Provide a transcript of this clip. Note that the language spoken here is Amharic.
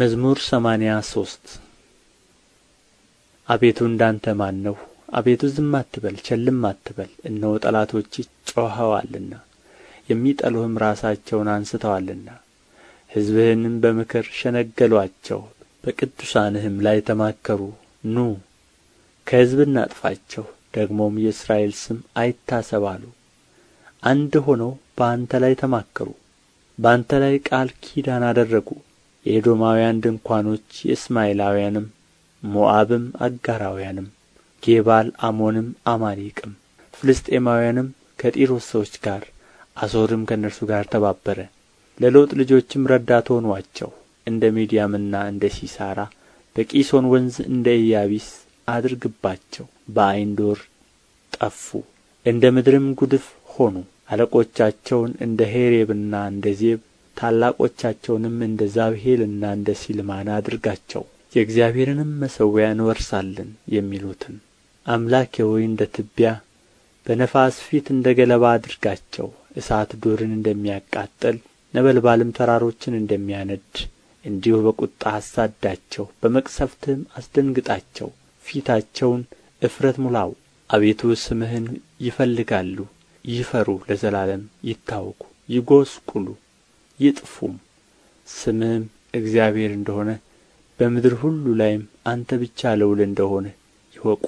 መዝሙር ሰማንያ ሶስት አቤቱ እንዳንተ ማን ነው? አቤቱ ዝም አትበል ቸልም አትበል። እነሆ ጠላቶች ጮኸዋልና የሚጠሉህም ራሳቸውን አንስተዋልና ሕዝብህንም በምክር ሸነገሏቸው፣ በቅዱሳንህም ላይ ተማከሩ። ኑ ከሕዝብ እናጥፋቸው፣ ደግሞም የእስራኤል ስም አይታሰብ አሉ። አንድ ሆነው በአንተ ላይ ተማከሩ፣ በአንተ ላይ ቃል ኪዳን አደረጉ የኤዶማውያን ድንኳኖች የእስማኤላውያንም ሞዓብም አጋራውያንም ጌባል አሞንም አማሌቅም ፍልስጤማውያንም ከጢሮስ ሰዎች ጋር አሦርም ከእነርሱ ጋር ተባበረ ለሎጥ ልጆችም ረዳት ሆኗቸው እንደ ሚዲያምና እንደ ሲሳራ በቂሶን ወንዝ እንደ ኢያቢስ አድርግባቸው በአይንዶር ጠፉ እንደ ምድርም ጉድፍ ሆኑ አለቆቻቸውን እንደ ሄሬብና እንደ ዜብ ታላቆቻቸውንም እንደ ዛብሄልና እንደ ሲልማን አድርጋቸው የእግዚአብሔርንም መሠዊያ እንወርሳለን የሚሉትን አምላኬ ሆይ እንደ ትቢያ በነፋስ ፊት እንደ ገለባ አድርጋቸው እሳት ዱርን እንደሚያቃጥል ነበልባልም ተራሮችን እንደሚያነድ እንዲሁ በቁጣ አሳዳቸው በመቅሰፍትህም አስደንግጣቸው ፊታቸውን እፍረት ሙላው አቤቱ ስምህን ይፈልጋሉ ይፈሩ ለዘላለም ይታወቁ ይጐስቁሉ ይጥፉም ስምህም እግዚአብሔር እንደ ሆነ በምድር ሁሉ ላይም አንተ ብቻ ልዑል እንደ ሆንህ ይወቁ